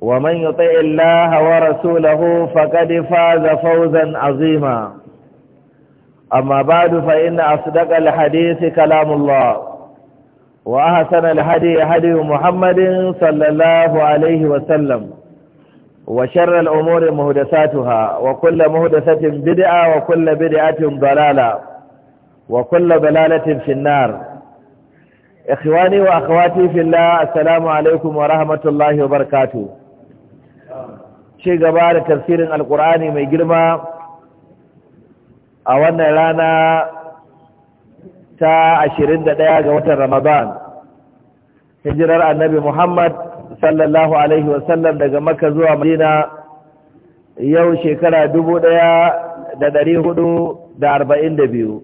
ومن يطع الله ورسوله فقد فاز فوزا عظيما أما بعد فإن أصدق الحديث كلام الله وأحسن الهدي هدي محمد صلى الله عليه وسلم وشر الأمور مهدساتها وكل مهدسة بدعة وكل بدعة ضلالة وكل ضلالة في النار إخواني وأخواتي في الله السلام عليكم ورحمة الله وبركاته ce gaba da tafsirin alkur'ani mai girma a wannan rana ta 21 ga watan ramadan hijirar annabi muhammad sallallahu alaihi wasallam daga maka zuwa madina yau shekara biyu.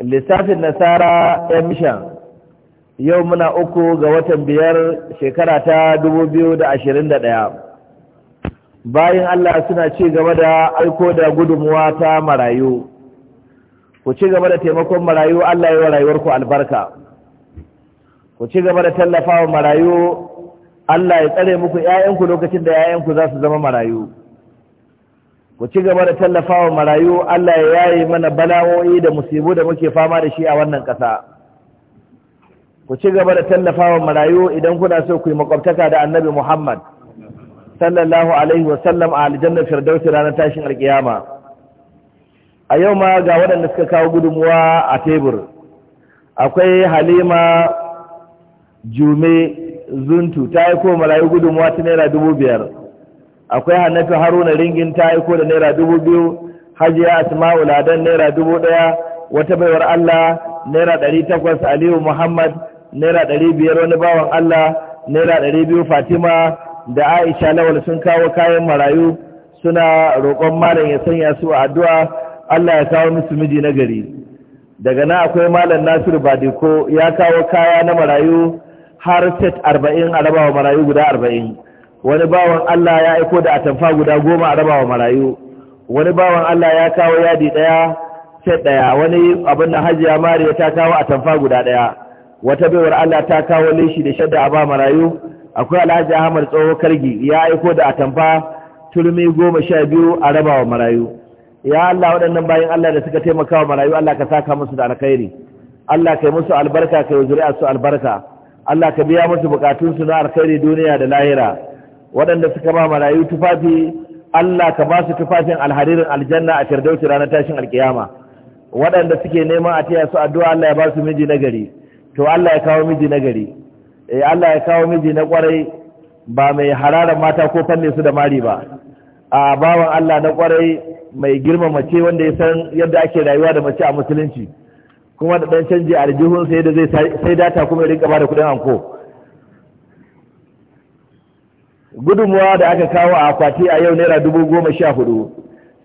lissafin nasara yan mishan yau muna uku ga watan biyar shekara ta ɗaya. bayan Allah suna ci gaba da aiko da gudunmuwa ta marayu ku ci gaba da taimakon marayu Allah ya wa rayuwarku albarka ku ci gaba da tallafawa marayu Allah ya tsare muku ‘ya'yanku lokacin da ‘ya'yanku za su zama marayu ku ci gaba da tallafawa marayu Allah ya yaye mana bala'o'i da musibu da muke fama da shi a wannan ƙasa ku ci gaba da tallafawa marayu idan kuna so ku yi makwabtaka da annabi Muhammad sallallahu alaihi wa sallam a aljannar firdausi ranar tashin alkiyama a yau ma ga waɗanda suka kawo gudunmuwa a tebur akwai halima jume zuntu ta aiko malayu gudunmuwa ta naira dubu biyar akwai hannafi haruna ringin ta aiko da naira dubu biyu hajiya asma'u ladan naira dubu ɗaya wata baiwar allah naira ɗari takwas aliyu muhammad naira ɗari biyar wani bawan allah naira ɗari biyu fatima da Aisha Lawal sun kawo kayan marayu suna roƙon malam ya sanya su a addu'a Allah ya kawo musu miji na gari daga nan akwai malam Nasir Badiko ya kawo kaya na marayu har set 40 a rabawa marayu guda 40 wani bawan Allah ya aiko da atamfa guda 10 a rabawa marayu wani bawan Allah ya kawo yadi daya set daya wani abin da Hajiya Mariya ta kawo atamfa guda daya wata baiwar Allah ta kawo lishi da shadda a ba marayu akwai alhaji ahmad tsoho kargi ya aiko da atamfa turmi goma sha biyu a raba wa marayu ya allah waɗannan bayan allah da suka taimaka wa marayu allah ka saka musu da alkhairi allah ka yi musu albarka ka yi zuri'a su albarka allah ka biya musu bukatunsu na alkhairi duniya da lahira waɗanda suka ba marayu tufafi allah ka ba su tufafin alharirin aljanna a firdausi ranar tashin alkiyama waɗanda suke neman a taya su addu'a allah ya ba su miji nagari to allah ya kawo miji nagari eh Allah ya kawo miji na kwarai ba mai hararar mata ko fanne su da mari ba a bawan Allah na kwarai mai girma mace wanda ya san yadda ake rayuwa da mace a musulunci kuma da dan canji a aljihun sai da zai sai data kuma ya rinka bada kuɗin anko gudunmuwa da aka kawo a akwati a yau naira dubu goma sha hudu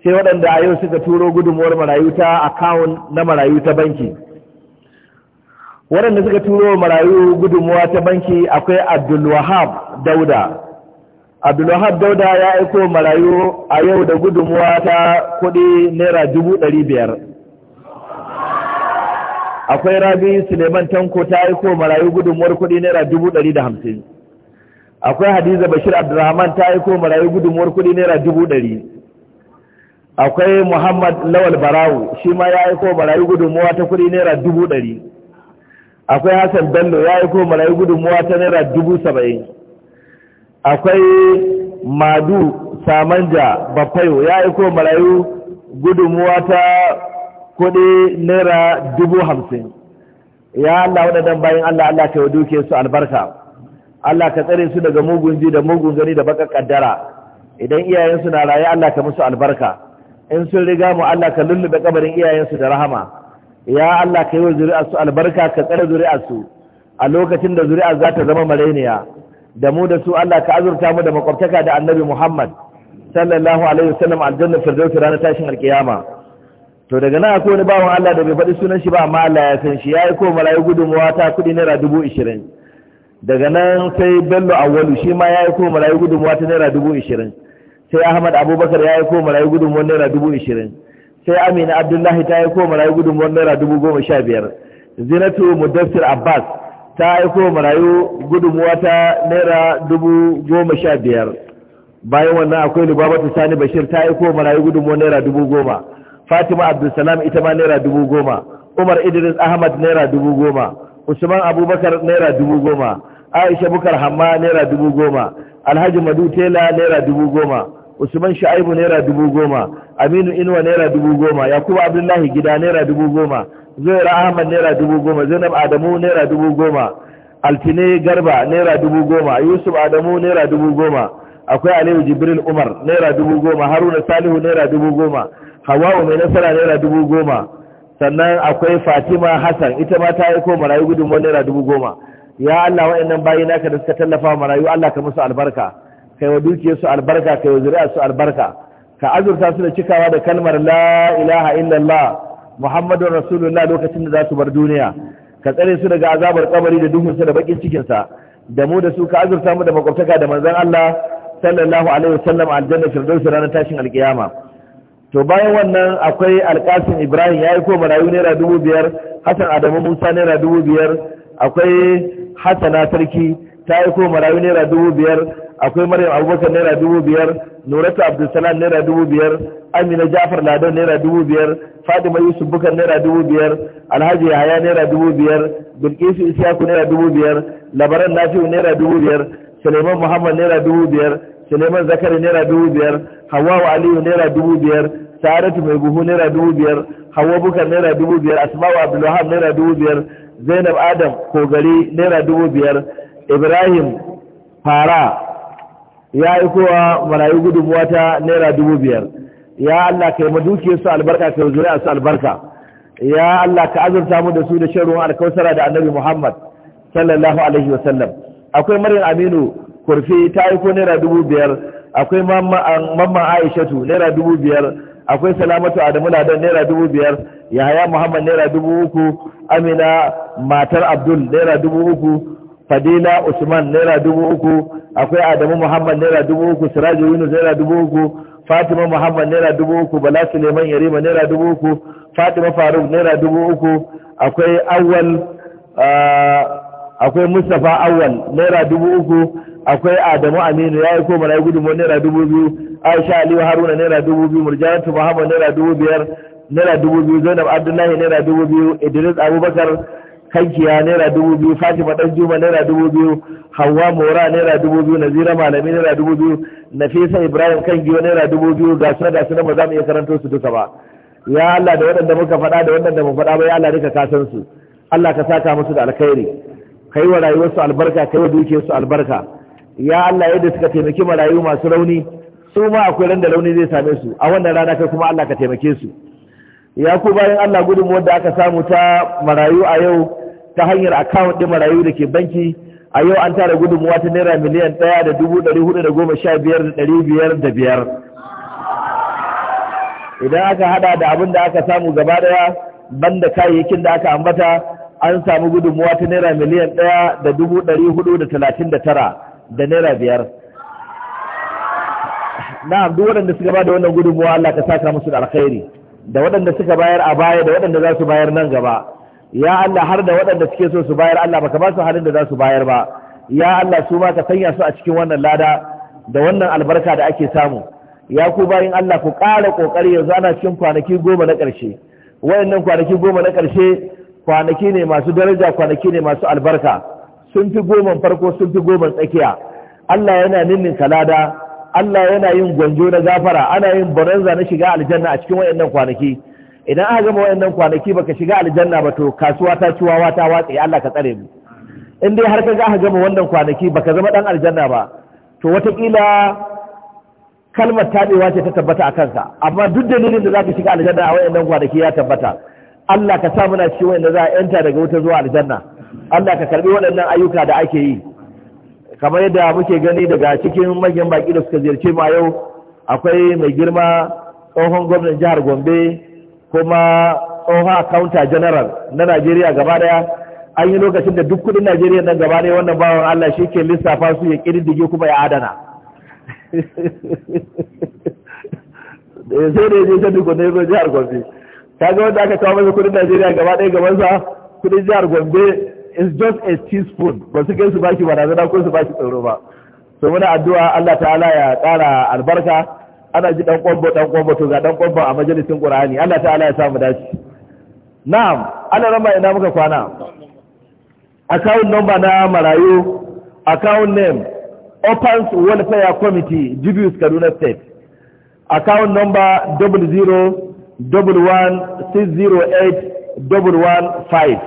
sai waɗanda a yau suka turo gudunmuwar marayu ta akawun na marayu ta banki waɗanda suka turo marayu gudunmuwa ta banki akwai abdulwahab dauda abdulwahab dauda ya aiko marayu a yau da gudunmuwa ta kudi naira dubu ɗari biyar akwai rabi suleiman tanko ta aiko marayu gudunmuwar kudi naira dubu ɗari da hamsin akwai hadiza bashir abdulrahman ta aiko marayu gudunmuwar kudi naira dubu ɗari akwai muhammad lawal barawu shi ma ya aiko marayu gudunmuwa ta kudi naira dubu ɗari akwai hassan bello ya yi ko marayu gudunmuwa ta naira dubu saba'in akwai madu samanja bafayo ya yi ko marayu gudunmuwa ta kudi naira dubu hamsin ya Allah waɗannan bayan Allah Allah ka duke su albarka Allah ka tsare su daga mugun ji da mugun gani da baka kaddara idan iyayensu na raye Allah ka musu albarka in sun riga mu Allah ka lullube kabarin iyayensu da rahama ya Allah ka yi wa zuri'arsu albarka ka tsara zuri'arsu a lokacin da zuri'ar za ta zama marainiya da mu da su Allah ka azurta mu da makwabtaka da annabi Muhammad sallallahu alaihi wasallam aljanna firdausi ranar tashin alkiyama to daga nan akwai wani bawan Allah da bai faɗi sunan shi ba amma Allah ya san shi yayi ko marayu gudunmuwa ta kuɗi naira dubu ishirin daga nan sai Bello Awwalu shi ma yayi ko marayu gudunmuwa ta naira dubu ishirin sai Ahmad Abubakar yayi ko marayu gudunmuwa naira dubu ishirin sai amina abdullahi ta aiko marayu gudunmuwar naira dubu goma sha biyar zinatu mudassir abbas ta aiko marayu gudunmuwa ta naira dubu goma sha biyar bayan wannan akwai lubabatu sani bashir ta aiko marayu gudunmuwar naira dubu goma fatima abdulsalam ita ma naira dubu goma umar idris ahmad naira dubu goma usman abubakar naira dubu goma aisha bukar hamma naira dubu goma alhaji madu tela naira dubu goma usman sha'ibu naira dubu goma aminu inuwa naira dubu goma yakubu abdullahi gida naira dubu goma zuwaira ahmad naira dubu goma zainab adamu naira dubu goma altine garba naira dubu goma yusuf adamu naira dubu goma akwai aliyu jibril umar naira dubu goma haruna salihu naira dubu goma hawawu mai nasara naira dubu goma sannan akwai fatima hassan ita ma ta aiko marayu gudunmuwa naira dubu goma ya allah wa'annan bayi naka da suka tallafa marayu allah ka musu albarka kai wa su albarka kai wa su albarka ka azurta su da cikawa da kalmar la ilaha illallah muhammadun rasulullah lokacin da za su bar duniya ka tsare su daga azabar kabari da duhunsa da bakin cikinsa da mu da su ka azurta mu da makwabtaka da manzon Allah sallallahu alaihi wasallam aljanna firdausi ranar tashin alkiyama to bayan wannan akwai alkasin ibrahim ya yi ko marayu naira dubu biyar hassan adamu musa naira dubu biyar akwai hassana sarki ta yi ko marayu naira dubu biyar akwai maryam abubakar naira dubu biyar nurata abdulsalam naira dubu biyar amina jafar ladan naira dubu biyar fadima yusuf bukar naira dubu biyar alhaji yahaya naira dubu biyar bilkisu isiyaku naira dubu biyar labaran nafi'u naira dubu biyar suleiman muhammad naira dubu biyar suleiman zakari naira dubu biyar hawawa aliyu naira dubu biyar saratu mai buhu naira dubu biyar hawa bukar naira dubu biyar asma'u abdulwahab naira dubu biyar zainab adam kogari naira dubu biyar ibrahim fara ya kowa marayu gudunmuwa ta naira dubu biyar ya Allah ka yi su albarka ka yi su albarka ya Allah ka azurta mu da su da shan ruwan alkausara da annabi Muhammad sallallahu alaihi wa akwai Maryam Aminu kurfi ta aiko naira dubu biyar akwai mamma Aishatu naira dubu biyar akwai Salamatu Adamu Ladan naira dubu biyar Yahaya Muhammad naira dubu uku Amina matar Abdul naira dubu uku fadila usman naira dubu uku akwai adamu muhammad naira dubu uku siraju yunus naira dubu uku fatima muhammad naira dubu uku bala suleiman yarima naira dubu uku fatima faruk naira dubu uku akwai awwal akwai mustapha awwal naira dubu uku akwai adamu aminu ya yi ko mana gudunmu naira dubu biyu aisha aliyu haruna naira dubu biyu murjanatu muhammad naira dubu biyar naira dubu biyu zainab abdullahi naira dubu biyu idris abubakar kankiya naira dubu biyu fatima dan juma naira dubu biyu hawa mora naira dubu biyu nazira malami naira dubu biyu nafisa ibrahim kan giyo naira dubu biyu ga su da su ba za mu iya karanto su duka ba ya allah da waɗanda muka faɗa da waɗanda mu faɗa ba ya allah duka ka san su allah ka saka musu da alkhairi kai wa rayuwarsu albarka kai wa dukiyarsu albarka ya allah yadda suka taimaki marayu masu rauni su ma akwai ran da rauni zai same su a wannan rana kai kuma allah ka taimake su ya ku bayan allah gudunmuwar da aka samu ta marayu a yau ta hanyar akawun ɗin marayu da ke banki a yau an tara gudunmuwa ta naira miliyan ɗaya da dubu ɗari hudu da goma sha biyar da ɗari biyar da biyar idan aka hada da abin da aka samu gaba ɗaya banda kayayyakin da aka ambata an samu gudunmuwa ta naira miliyan ɗaya da dubu ɗari hudu da talatin da tara da naira biyar na'am duk waɗanda suka ba da wannan gudunmuwa Allah ka saka musu da alkhairi da waɗanda suka bayar a baya da waɗanda za su bayar nan gaba ya Allah har da waɗanda suke so su bayar Allah baka ba su halin da za su bayar ba ya Allah su ma ka sanya su a cikin wannan lada da wannan albarka da ake samu ya ku bayin Allah ku ƙara ƙoƙari yanzu ana cikin kwanaki goma na ƙarshe wayannan kwanaki goma na ƙarshe kwanaki ne masu daraja kwanaki ne masu albarka sun fi goman farko sun fi goman tsakiya Allah yana nimin kalada Allah yana yin gwanjo na gafara ana yin bonanza na shiga aljanna a cikin wayannan kwanaki idan aka gama wayannan kwanaki baka shiga aljanna ba to kasuwa ta ciwawa ta watsi Allah ka tsare mu in dai har ka ga aka gama wannan kwanaki baka zama dan aljanna ba to watakila kalmar tabewa ce ta tabbata a kanka amma duk dalilin da zaka shiga aljanna a wayannan kwanaki ya tabbata Allah ka sa muna cikin wayanda za a yanta daga wuta zuwa aljanna Allah ka karbi waɗannan ayyuka da ake yi kamar yadda muke gani daga cikin manyan baki da suka ziyarce mu a yau akwai mai girma tsohon gwamnan jihar Gombe kuma tsohon accountant general na Najeriya gaba daya an yi lokacin da duk kudin Najeriya nan gaba daya wannan bawon Allah shi ke lissafa su ya kididdige kuma ya adana sai da ya je ta duk zo jihar Gombe ga wanda aka kawo masa kudin Najeriya gaba daya gabansa, sa kudin jihar Gombe is just a teaspoon ba su kai su baki barazana ko su baki tsoro ba so muna addu'a Allah ta'ala ya ƙara albarka ana ji dan kwambo dan kwambo to ga dan kwambo a majalisin qur'ani Allah ta'ala ya sa mu dace na'am ana ramba ina muka kwana account number na marayu account name opens welfare committee dubious kaduna state account number 00 double one six zero eight double one five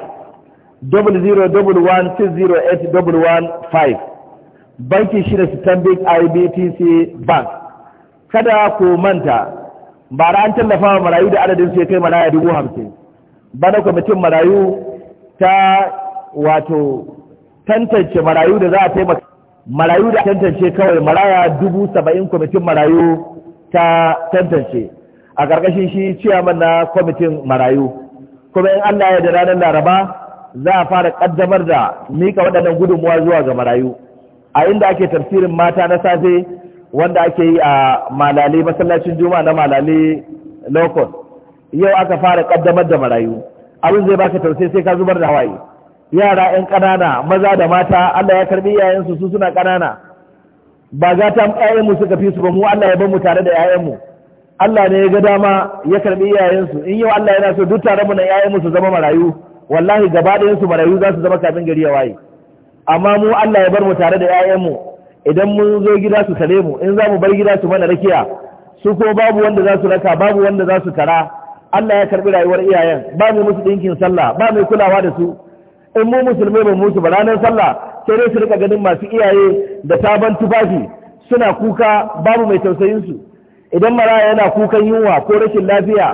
double zero double one six zero eight double one five banki shi Stambik ibtc bank kada ku manta ba da an tallafa wa marayu da adadin su ya kai maraya dubu hamsin bana kwamitin marayu ta wato tantance marayu da za a taimaka marayu da tantance kawai maraya dubu saba'in kwamitin marayu ta tantance a ƙarƙashin shi ciyaman na kwamitin marayu kuma in allah ya da ranar laraba za a fara ƙaddamar da mika waɗannan gudunmuwa zuwa ga marayu a inda ake tafsirin mata na safe wanda ake yi a malale masallacin juma'a na malale lokos yau aka fara kaddamar da marayu abin zai baka tausayi sai ka zubar da hawaye yara 'yan ƙanana maza da mata Allah ya karbi yayansu su suna ƙanana ba za ta mu suka fi su ba mu Allah ya bar mu tare da mu. Allah ne ya ga dama ya karbi su in yau Allah yana so duk tare mu na mu su zama marayu wallahi gaba ɗayan su marayu za su zama kafin gari ya waye amma mu Allah ya bar mu tare da mu. idan mun zo gida su tare mu in za mu bar gida su mana rakiya su ko babu wanda za su raka babu wanda za su kara. Allah ya karbi rayuwar iyayen ba mu musu dinkin sallah ba mu kulawa da su in mu musulmai ba mu musu ba ranar sallah sai dai su rika ganin masu iyaye da sabon tufafi suna kuka babu mai tausayin su idan maraya yana kukan yunwa ko rashin lafiya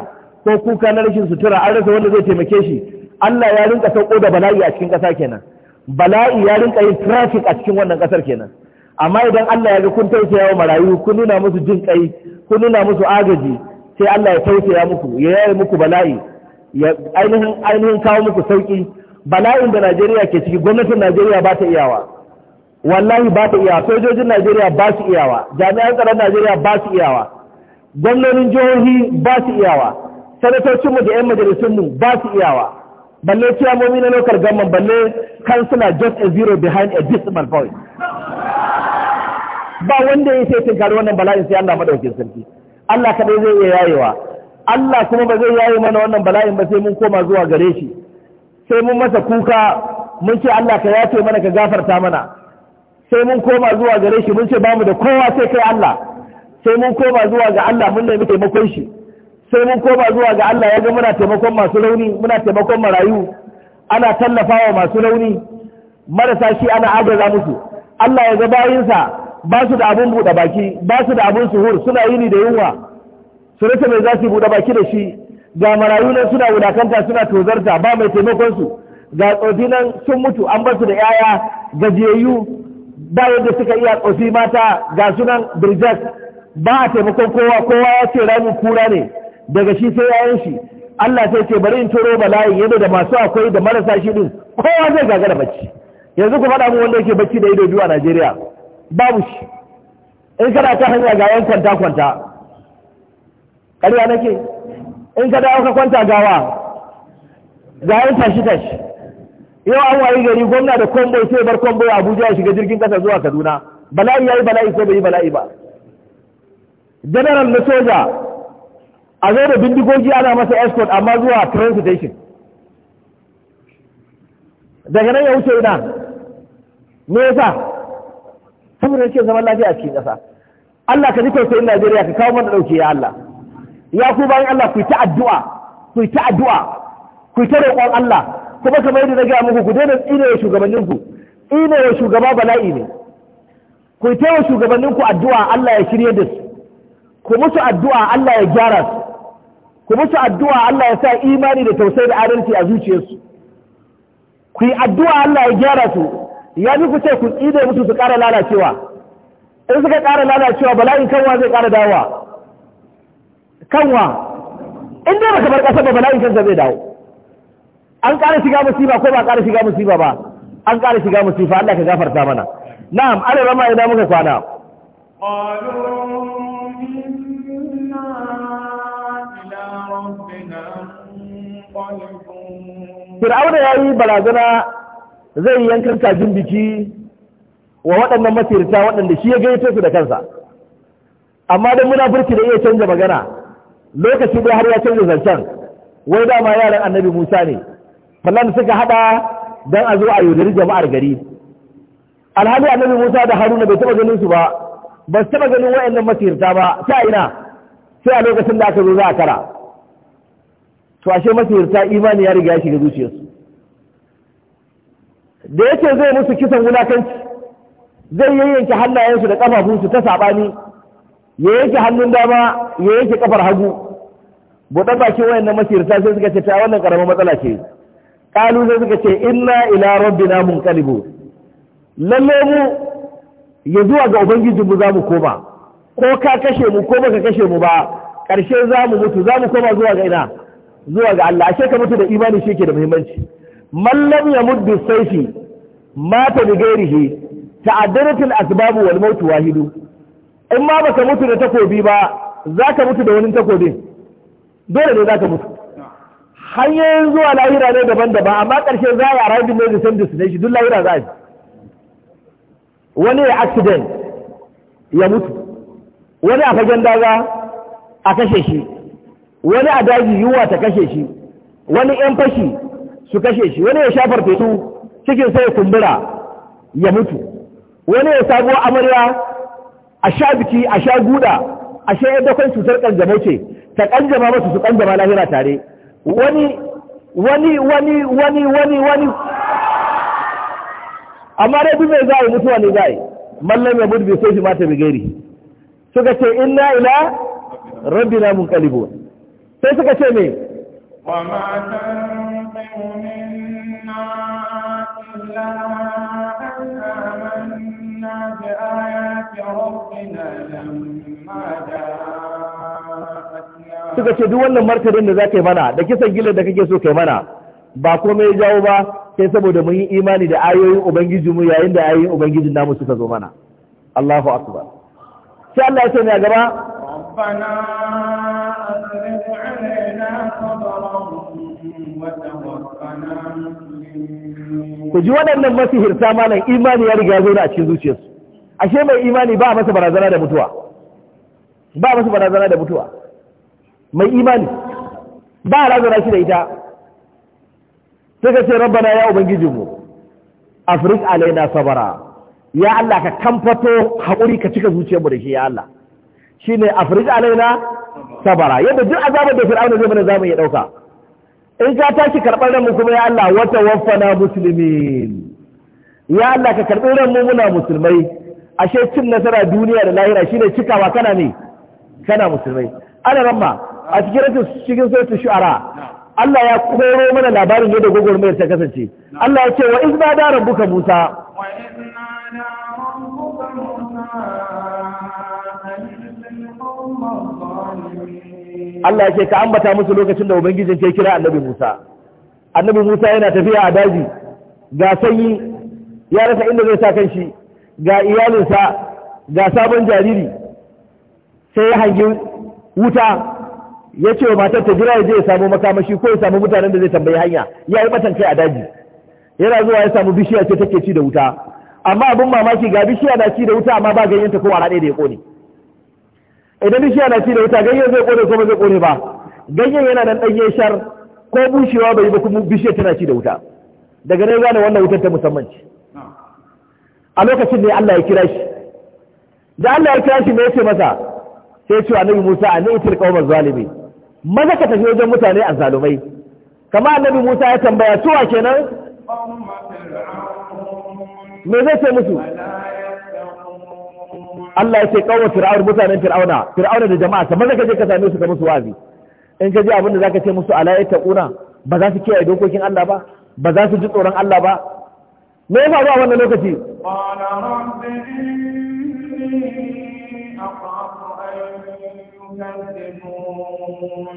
ko kuka na rashin sutura an rasa wanda zai taimake shi Allah ya rinka sauko da bala'i a cikin ƙasa kenan bala'i ya rinka yin traffic a cikin wannan ƙasar kenan amma idan Allah ya ga kun tausaya wa marayu kun nuna musu jin kai kun nuna musu agaji sai Allah ya tausaya muku ya yaye muku bala'i ya ainihin ainihin kawo muku sauki bala'in da Najeriya ke ciki gwamnatin Najeriya ba ta iyawa wallahi ba ta iyawa sojojin Najeriya ba su iyawa jami'an tsaron Najeriya ba su iyawa gwamnonin jihohi ba su iyawa sanatocinmu da 'yan mu ba su iyawa balle ciyamomi na lokar gamman balle kansila just a zero behind a decimal point ba wanda ya tun kare wannan bala'in sai Allah madaukin sarki Allah kadai zai iya yayewa Allah kuma ba zai yaye mana wannan bala'in ba sai mun koma zuwa gare shi sai mun masa kuka mun ce Allah ka yace mana ka gafarta mana sai mun koma zuwa gare shi mun ce bamu da kowa sai kai Allah sai mun koma zuwa ga Allah mun nemi taimakon shi sai mun koma zuwa ga Allah ya ga muna taimakon masu rauni muna taimakon marayu ana tallafawa masu rauni marasa shi ana agaza musu Allah ya ga bayinsa ba su da abin buɗe baki ba su da abin suhur suna yi yini da yunwa su rasa mai za su buɗe baki da shi ga marayu nan suna wulakanta suna tozarta ba mai taimakon su ga tsofi nan sun mutu an ba su da yaya gajiyayyu ba yadda suka iya tsofi mata ga sunan birjas ba a taimakon kowa kowa ya ce ramin kura ne daga shi sai yayan shi Allah sai ce bari in turo bala'i yadda da masu akwai da marasa shi din kowa zai gagara bacci yanzu ku faɗa mu wanda yake bacci da ido biyu a Najeriya babu shi in kana ta hanya ga yan kwanta kwanta ƙarya nake in ka dawo ka kwanta gawa ga yan tashi tashi yau an wayi gari gwamna da kwambo sai bar kwambo abuja ya shiga jirgin kasa zuwa kaduna bala'i ya yi bala'i ko bai yi bala'i ba general na soja a zo da bindigogi ana masa escort amma zuwa train station daga nan ya wuce ina me yasa saboda yake zaman lafiya a cikin ƙasa Allah ka nufin tausayin Najeriya ka kawo mana dauke ya Allah ya ku bayan Allah ku yi ta addu'a ku yi ta addu'a ku yi ta roƙon Allah kuma kamar yadda na gaya muku ku daina tsine wa shugabanninku tsine wa shugaba bala'i ne ku yi ta wa shugabanninku addu'a Allah ya shirye da su ku musu addu'a Allah ya gyara su ku musu addu'a Allah ya sa imani da tausayi da adalci a zuciyarsu ku yi addu'a Allah ya gyara su ya fi ku ce ku tsine musu su ƙara lalacewa in suka ƙara lalacewa bala'in kanwa zai ƙara dawowa kanwa in dai baka bar ƙasa ba bala'in kanka zai dawo an ƙara shiga musiba ko ba ƙara shiga musiba ba an ƙara shiga musiba Allah ka gafarta mana na'am ana rama idan muka kwana Fir'auna ya yi barazana zai yi yankan kajin biki wa waɗannan masirta waɗanda shi ya gaito su da kansa amma don muna burki da iya canza magana lokaci dai har ya canza zancen wai dama yaran annabi musa ne fallan suka haɗa don a zo a yaudari jama'ar gari alhali annabi musa da haruna bai taɓa ganin su ba ba su taɓa ganin waɗannan masirta ba ta ina sai a lokacin da aka zo za a kara to ashe masirta imani ya riga ya shiga zuciyarsu da yake zai musu kisan wulakanci zai yayyanke hannayensu da ƙafafunsu ta saɓani ya yake hannun dama ya yake ƙafar hagu buɗe wayan na masirta sai suka ce ta wannan ƙaramin matsala ce ƙalu sai suka ce inna ila mun kalibu. lalle mu ya zuwa ga ubangijinmu za mu koma ko ka kashe mu ko baka kashe mu ba ƙarshe za mu mutu za mu koma zuwa ga ina zuwa ga Allah ashe ka mutu da imani shi ke da muhimmanci mallam ya muddu saifi mata da gairihi ta'addaratul asbab wal maut wahidu in ma baka mutu da takobi ba zaka mutu da wani takobin dole ne zaka mutu hanyoyin zuwa lahira ne daban-daban amma ƙarshe za a yi arriving ne the same destination duk lahira za a wani ya accident ya mutu wani a fagen daga a kashe shi wani a daji yunwa ta kashe shi wani yan fashi su kashe shi wani ya shafar fesu cikin sai kumbura ya mutu wani ya sabuwa amarya a sha biki a sha guda a sha yadda kwan cutar kanjamau ce ta kanjama masu su kanjama lahira tare wani wani wani wani wani wani amma dai duk mai za yi mutuwa ne zai mallam ya mutu bai so shi mata bi gairi suka ce inna ila rabbina kalibu sai suka ce me wa suka ce duk wannan martanin da za ka yi mana da kisan gila da kake so ka yi mana ba komai ya jawo ba sai saboda mun yi imani da ayoyin ubangiji mu yayin da ayoyin ubangiji namu suka zo mana Allahu akbar sai Allah ya ce ne gaba علينا ku ji waɗannan masihirta malam imani ya riga zo a cikin zuciyarsu ashe mai imani ba masa barazana da mutuwa ba masa barazana da mutuwa mai imani ba a razana shi da ita sai ka ce rabbana ya ubangijinmu afrik alaina sabara ya Allah ka kamfato haƙuri ka cika zuciyarmu da shi ya Allah shine afrik alaina sabara yadda duk azabar da fir'auna zai mana zamu ya dauka in ka tashi karɓar ranmu kuma ya Allah wa waffana muslimin ya Allah ka karɓi ranmu muna musulmai ashe cin nasara duniya da lahira shine cikawa kana ne kana musulmai ana ramma a cikin rasu cikin sautin shu'ara Allah ya koro mana labarin yadda gwagwarmayar ta kasance Allah ya ce wa izna da rabbuka Musa Allah yake ka ambata musu lokacin da ubangijin ke kira annabi Musa annabi Musa yana tafiya a daji ga sanyi ya rasa inda zai sa kanshi ga iyalinsa ga sabon jariri sai ya hangi wuta ya ce wa matar ta jira ya je ya samu makamashi ko ya samu mutanen da zai tambayi hanya ya yi batan kai a daji yana zuwa ya samu bishiya ce take ci da wuta amma abin mamaki ga bishiya na ci da wuta amma ba ganyenta ko a ɗaya da ya ƙone idan bishiya na ci da wuta ganyen zai kone ko zai kone ba ganyen yana nan ɗanyen shar ko bushewa bai ba kuma bishiya tana ci da wuta daga nan gane wannan wutar ta musamman ce a lokacin ne Allah ya kira shi da Allah ya kira shi me yace masa sai ce annabi Musa a ni'til qaumaz zalimi maza ka tafi wajen mutane a zalumai kamar annabi Musa ya tambaya suwa kenan me zai ce musu Allah ya ce kawo fir'aun mutanen fir'auna fir'auna da jama'a kamar da kaje ka same su ka musu wazi in ka ji abin da zaka ce musu ala ta kuna, ba za su kiyaye dokokin Allah ba ba za su ji tsoron Allah ba me ya faru a wannan lokaci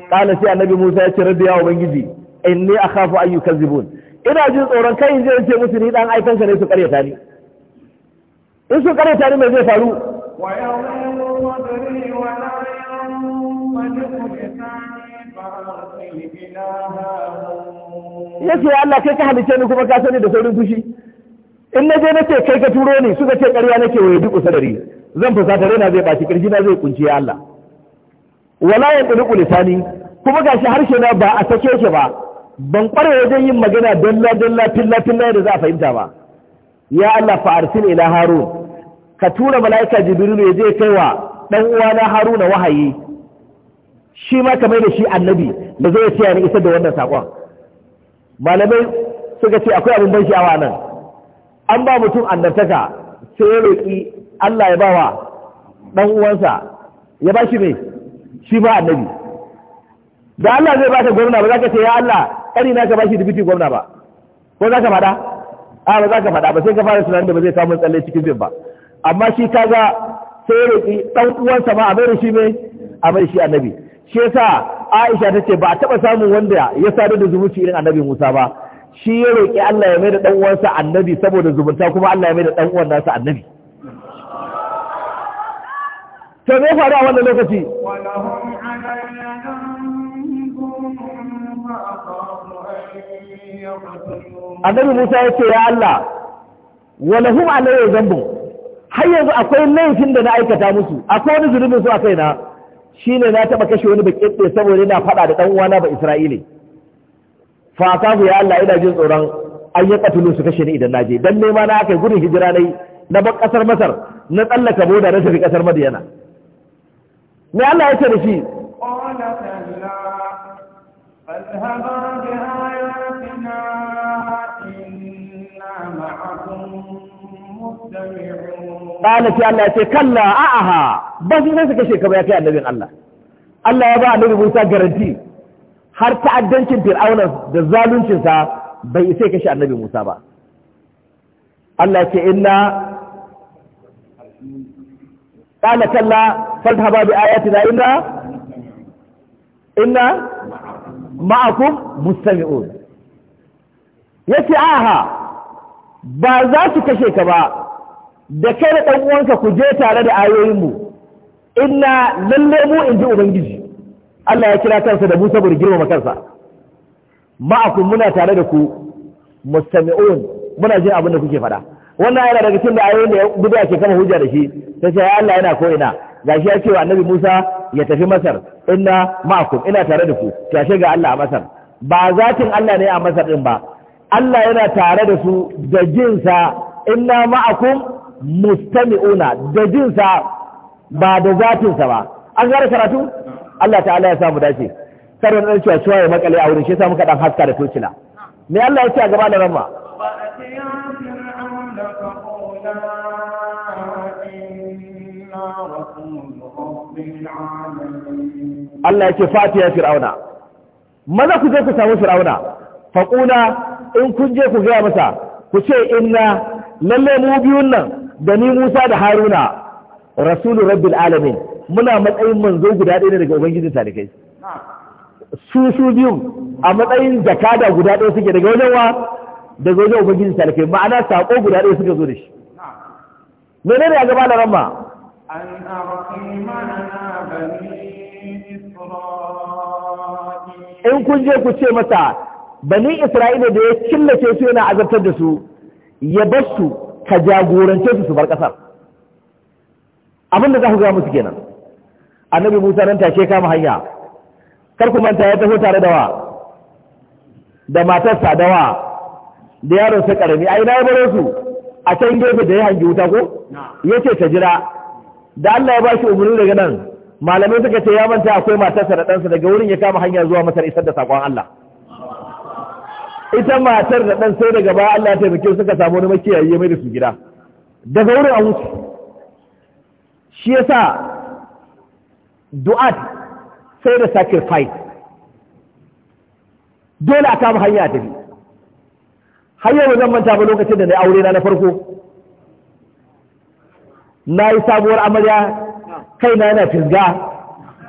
qala sai annabi Musa ya ce rabbi ya ubangiji inni akhafu an yukazzibun ina jin tsoron kai in je in ce musu ni dan aikansa ne su karyata ni in su karyata ni me zai faru ويضيق صدري ولا Allah kai ka halice ni kuma ka sani da saurin fushi in na je nace kai ka turo ni suka ce ƙarya nake waye duk ri, zan fusata raina zai baci kirji na zai kunci ya Allah wala ya tsulu lisani kuma gashi harshe na ba a sake shi ba ban kware wajen yin magana dalla dalla filla filla da za a fahimta ba ya Allah fa arsil ila harun ka tura mala'ika jibrilu ya je kai wa dan na haruna wahayi shi ma kamar da shi annabi da zai ce ni isar da wannan sakon malamai suka ce akwai abin ban sha'awa nan an ba mutum annabtaka sai ya roki Allah ya bawa dan uwansa ya ba shi mai shi ma annabi da Allah zai baka gwamna ba za ka ce ya Allah ƙari na ka ba shi dubiti gwamna ba ko za ka faɗa a ba za ka faɗa ba sai ka fara tunanin da ba zai kawo mun tsalle cikin bin ba amma shi ga sai roƙi ɗan uwansa ma a mai da shi mai a mai shi annabi shi yasa Aisha ta ce ba a taɓa samun wanda ya sadu da zumunci irin annabi Musa ba shi ya roƙi Allah ya mai da ɗan uwansa annabi saboda zumunta kuma Allah ya mai da ɗan uwan nasa annabi to me faru a wannan lokaci annabi Musa ya ce ya Allah lahum alayhi zambun har yanzu akwai laifin da na aikata musu akwai wani zunubin su a Shi ne na taba kashe wani bakin saboda yana faɗa da ɗan uwana ba Isra'ili fa ya Allah ina jin tsoron an yi katulu su kashe ni idan naje dan nema na aka gudun hijira na na bar kasar Masar na tsallaka boda na tafi kasar Madiyana me Allah ya ce da shi Ƙala sai Allah ya ce, Kalla a'aha, ba su zai suka shekaru ya kai annabin Allah. Allah ya ba annabi Musa garanti har ta'addancin Fir'auna da zaluncinsa bai isa ya kashe annabi Musa ba. Allah ya ce, Inna ƙala kalla falta ba bi ayatina inna inna ma'akum mustami'un. Ya ce, Aha, ba za su kashe ka ba, da kai da ɗan uwanka ku je tare da ayoyinmu ina lalle mu in ji ubangiji Allah ya kira kansa da mu saboda girma kansa Ma’akun muna tare da ku mustami'un muna jin abin da kuke faɗa wannan yana daga cikin da ayoyin da guda ke kama hujja da shi ta ce Allah yana ko ina gashi ya ce wa annabi Musa ya tafi Masar ina ma’akun, ina tare da ku tashe ga Allah a Masar ba zatin Allah ne a Masar din ba Allah yana tare da su da jinsa inna ma'akum mustami'una da jinsa ba da zatinsa ba an gara karatu Allah ta'ala ya samu dace karin dan cewa cewa ya makale a wurin shi sa muka ɗan haska da tocila me Allah ya ce a gaba da ramma Allah ya ce fatiya fir'auna maza ku je ku samu fir'auna faƙuna in kun je ku gaya masa ku ce inna lalle mu biyun nan da ni Musa da Haruna rasulu rabbil alamin muna matsayin manzo guda ɗaya ne daga ubangijin talikai su su biyu a matsayin jakada guda ɗaya suke daga wajen wa daga wajen ubangijin talikai ma'ana sako guda ɗaya suka zo da shi menene ya gaba da ramma an in kun je ku ce masa bani isra'ila da ya killace su yana azabtar da su ya bar su ka jagorance su su bar ƙasar abinda za ku ga musu kenan annabi musa nan take kama hanya kar ku manta ya taho tare da wa da matarsa da wa da yaron sai karami ai na baro su a can gefe da ya hangi wuta ko yace ta jira da Allah ya bashi umurni daga nan malamai suka ce ya manta akwai matarsa da ɗansa daga wurin ya kama hanya zuwa masar isar da sakon Allah ita matar da ɗan sai daga baya Allah ya taimake suka samu wani makiyayi mai da su gida daga wurin a wuce shi yasa du'at sai da sacrifice dole a kama hanya a tafi hanyar ba zan manta ba lokacin da na aure na na farko na yi sabuwar amarya kai na yana fisga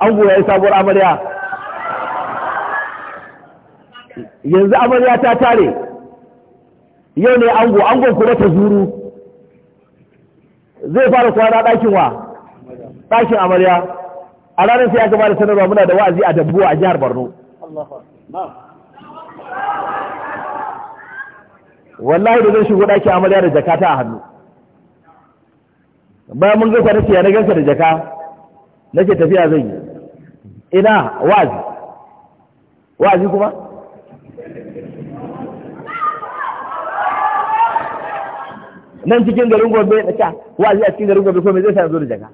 an goya yi sabuwar amarya yanzu amarya ta tare yau ne ango angon kuma ta zuru zai fara kwana ɗakin wa ɗakin amarya a ranar sai ya gaba da sanarwa muna da wa'azi a dabbuwa a jihar borno wallahi da zai shigo ɗakin amarya da jaka ta a hannu bayan mun gaisa na siya na ganka da jaka nake tafiya zai yi ina wa'azi wa'azi kuma nan cikin garin gobe na ta wa'azi a cikin garin gobe ko me zai sa yanzu da jaka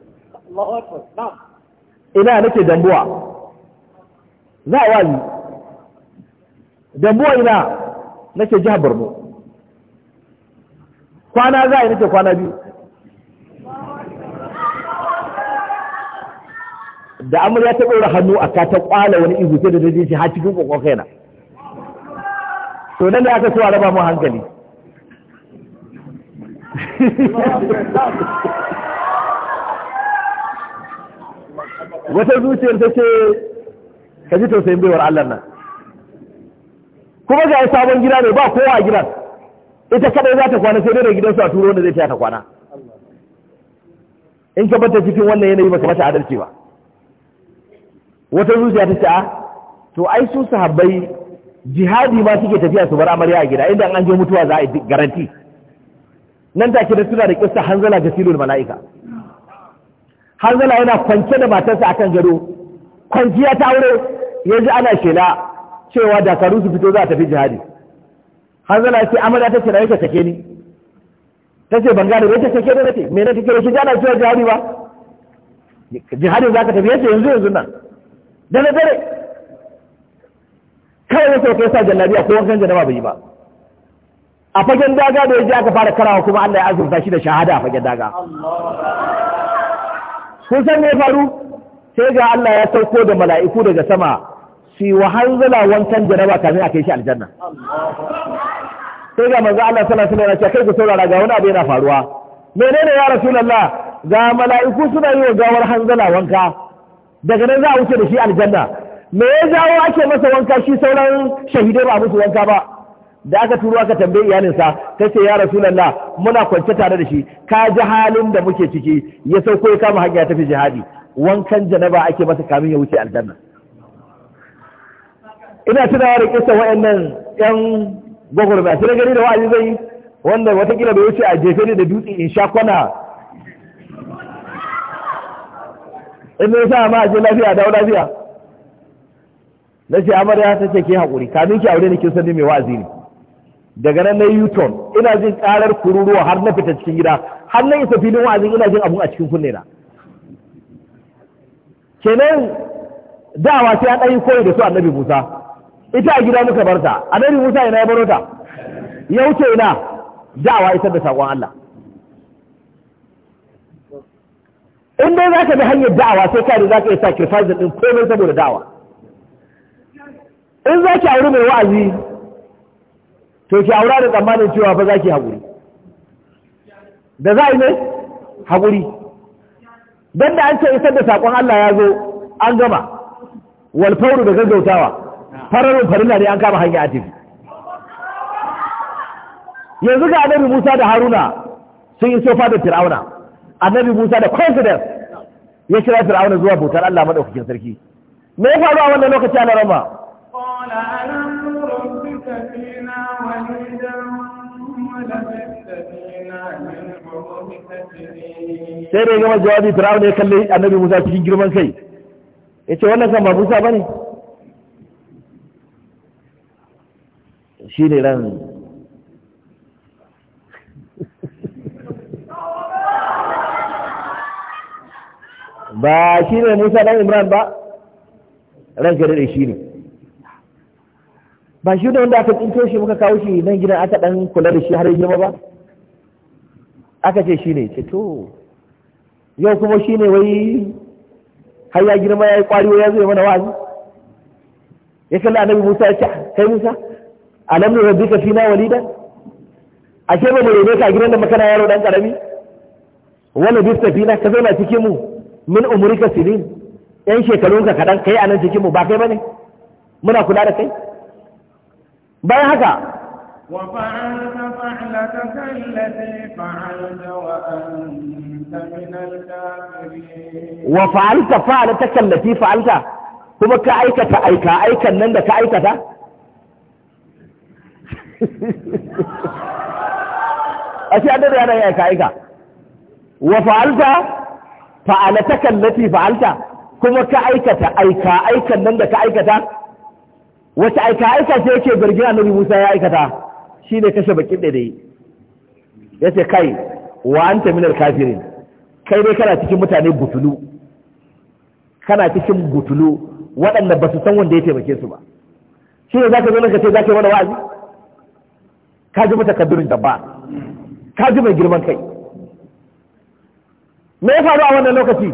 ina nake dambuwa za a wa'azi dambuwa ina nake jihar borno kwana za a yi nake kwana biyu da amurya ta ɗora hannu a ka ta ƙwala wani ihu sai da ta je shi har cikin ƙwaƙwa kaina to nan da aka so a raba mu hankali wata zuciyar ta ce ka ji tausayin baiwar Allah nan kuma ga sabon gida ne ba kowa a gidan ita kadai za ta kwana sai dai da gidansu a turo wanda zai taya ta kwana in ka bata cikin wannan yanayi baka mata adalci ba wata zuciya ta ce a ah, to ai su sahabbai jihadi ma suke tafiya su bar amarya a gida inda an je mutuwa za a garanti nan take da suna da kissa hanzala ga silul mala'ika hanzala yana kwance da matarsa akan gado kwanciya ta aure yanzu ana shela cewa dakaru su fito za a tafi jihadi hanzala ce amada ta ce na yake take ni ta ce ban gane ta take ne ce me na take shi jana cewa jihadi ba jihadin za ka tafi yace yanzu yanzu nan da na dare kawai ya sauke sa jallabiya ko wankan janaba bai yi ba a fagen daga da ya ji aka fara karawa kuma Allah ya azurta shi da shahada a fagen daga kun san me faru sai ga Allah ya sauko da mala'iku daga sama su wa hanzala wankan jaraba kamin a kai shi aljanna sai ga manzo Allah sallallahu alaihi wasallam ya kai ku saurara ga wani abu yana faruwa menene ya rasulullah ga mala'iku suna yi wa gawar hanzala wanka daga nan za a wuce da shi aljanna me ya jawo ake masa wanka shi sauran shahidai ba a musu wanka ba da aka turo aka tambayi iyalinsa ta ce ya rasulallah muna kwance tare da shi ka ji halin da muke ciki ya sauko ya kama hanya ta tafi jihadi wankan janaba ake masa kamin ya wuce aljanna ina tunawa da kisa wayannan yan ba. sai gari da wa'azi zai wanda watakila bai wuce a jefe ne da dutse in sha kwana in ne sa ma a je lafiya dawo lafiya na ce amarya ta ce ke haƙuri kamin ki aure ne kin sani mai wa'azi ne daga nan na yuton ina jin karar kururuwa har na fita cikin gida har na isa filin wa'azin ina jin abun a cikin kunne na kenan dawa sai an ɗayi koyi da su annabi musa ita a gida muka barta annabi musa ina ya barota ya wuce ina dawa isar da saƙon allah in dai za ka bi hanyar da'awa sai ka da za ka yi sacrifice ɗin komai saboda da'awa in za ki auri mai wa'azi to ki aura da tsammanin cewa fa zaki haƙuri da za a yi ne haƙuri don da an ce isar da saƙon Allah ya zo an gama walfauru da gaggautawa fararin farilla ne an kama hanyar a yanzu ga annabi musa da haruna sun yi sofa da fir'auna annabi musa da confidence ya kira fir'auna zuwa bautar Allah maɗaukakin sarki me ya faru a wannan lokaci a larama sai dai gama jawabi firawun ya kalli annabi musa cikin girman kai ya ce wannan kan musa ba ne shi ne ran ba shi ne musa dan imran ba ran ka da shi ne ba shi ne wanda aka tsinto shi muka kawo shi nan gidan aka ɗan kula da shi har girma ba aka ce shi ne ce to yau kuma shi ne wai har ya girma ya yi ƙwariyo ya zai mana wa'azi ya kalli annabi musa ya ce kai musa alam ne rabbi ka na walida ashe ba mai rene ka gidan da makana yaro dan karami wala bi na ka zauna cikin mu min umrika sinin yan shekarun ka kadan kai anan cikin mu ba kai ne muna kula da kai bayan haka وفعلت فعلتك التي فعلت وأنت من الكافرين وفعلت فعلتك التي فعلت كما كأيكة أيكا أيكا نند كأيكة أشياء دي أنا أيكا أيكا وفعلت فعلتك التي فعلت كما كأيكة أيكا أيكا نند كأيكة وش أيكا أيكا شيء برجاء نبي موسى يا أيكتا shi ne kashe bakin da dai ya ce kai wa an minar kafirin kai dai kana cikin mutane butulu kana cikin butulu waɗanda ba su san wanda ya taimake su ba shi ne za ka zo ka ce za ka yi wani wa'azi ka ji mata kabirin da ba ka ji mai girman kai me ya faru a wannan lokaci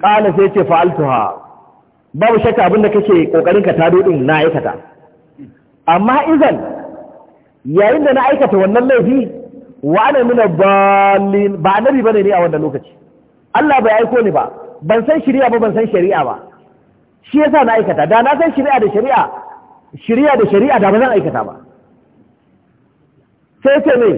ƙala sai ce fa'altuha babu shakka abinda kake ƙoƙarin ka tado ɗin na aikata amma izan yayin da na aikata wannan laifi wa ana nuna ba annabi ba ne a wannan lokaci Allah bai aiko ni ba ban san shari'a ba ban san shari'a ba shi ya sa na aikata da na san shari'a da shari'a shari'a da shari'a da ba zan aikata ba sai ce ne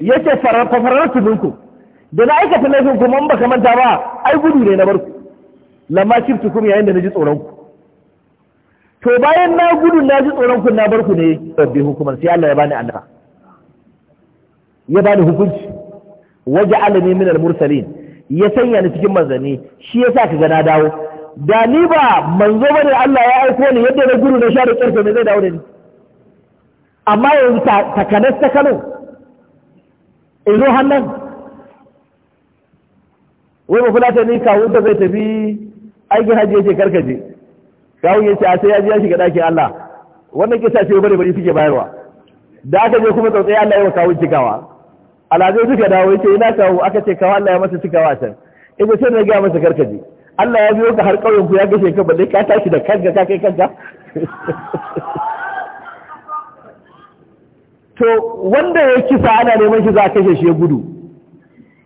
yake fara لنفسي yace da na aikata laifin ku man baka manta ba ai gudu ne na barku lamma shirtu kuma yayin da na tsoron ku to bayan na gudu na ji tsoron ku na barku ne babbi hukumar sai Allah ya bani annaba ya bani hukunci waje alami min al-mursalin ya sanya ni cikin manzanni shi yasa ka ga na dawo da ni ba manzo bane Allah ya aiko ni yadda na gudu na sha da ne zai dawo da ni amma yanzu takanas ta Kano in zo hannan wai ba fulata ni kawo da zai tafi aikin hajji yake karkaje kawo yace a sai ya ji ya shiga dakin Allah wannan kisa ce bare bare suke bayarwa da aka je kuma tsautsaye Allah ya wa kawo cikawa alazai suka dawo yace ina kawo aka ce kawo Allah ya masa cikawa can ita sai na ga masa karkaje Allah ya biyo ka har ƙauyen ku ya gashe ka dai ka tashi da kanka ka kai kanka to wanda ya kisa ana neman shi za a kashe shi ya gudu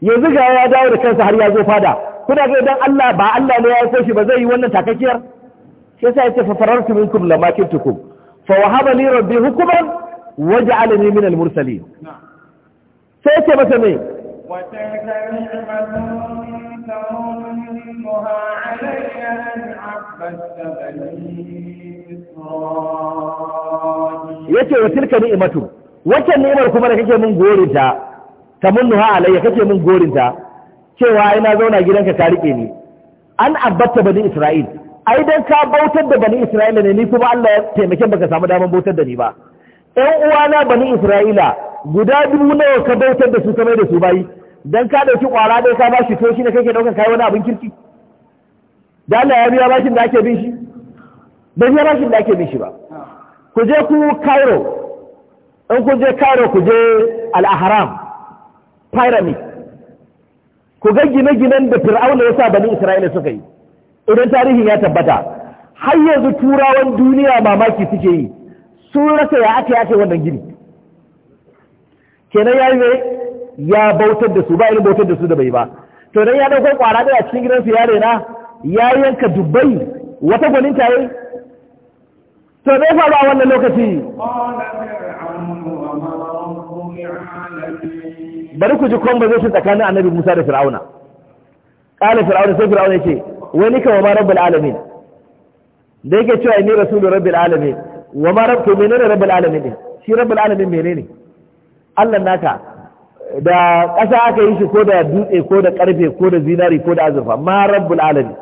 yanzu ga ya dawo da kansa har ya zo fada kuna ga idan Allah ba Allah ne ya yi shi ba zai yi wannan takakkiyar shi yasa ce fa farartu minkum lama kuntukum fa wahaba li rabbi hukuman waj'alni min al-mursalin sai ce masa me wa ta'ala تمنها علي أن عبدت بني إسرائيل يتي kuma da kake mun gorinta ta munnuha alayya kake mun gorinta cewa ai na zauna gidanka ka rike ni an abbata bani isra'il ai dan ka bautar da bani Isra'il ne ni kuma Allah ya taimake baka samu daman bautar da ni ba ɗan uwana bani isra'ila guda dubu nawa ka bautar da su kamar da su bayi dan ka ɗauki kwara dai ka bashi to shi ne kake ɗaukar kai wani abin kirki da Allah ya biya bashin da ake bin shi ba biya bashin da ake bin shi ba ku je ku Cairo in ku je Cairo ku je Al-Ahram pyramid ku ga gine-ginen da Fir'auna ya sa bani Isra'ila suka yi idan tarihin ya tabbata har yanzu turawan duniya mamaki suke yi sun rasa ya ake ake wannan gini kenan ya yi ya bautar da su ba irin bautar da su da bai ba to dan ya dauko kwara da cikin gidansu ya rena ya yanka dubbai wata gwanin tayi to me fa ba wannan lokaci bari ku ji conversation tsakanin annabi Musa da Fir'auna qala fir'auna sai fir'auna yace wani ka wa ma rabbul alamin da yake cewa inni rasulu rabbil alamin wa ma rabbu menene rabbul alamin din shi rabbul alamin menene Allah naka da ƙasa aka yi shi ko da dutse ko da ƙarfe ko da zinari ko da azurfa ma rabbul alami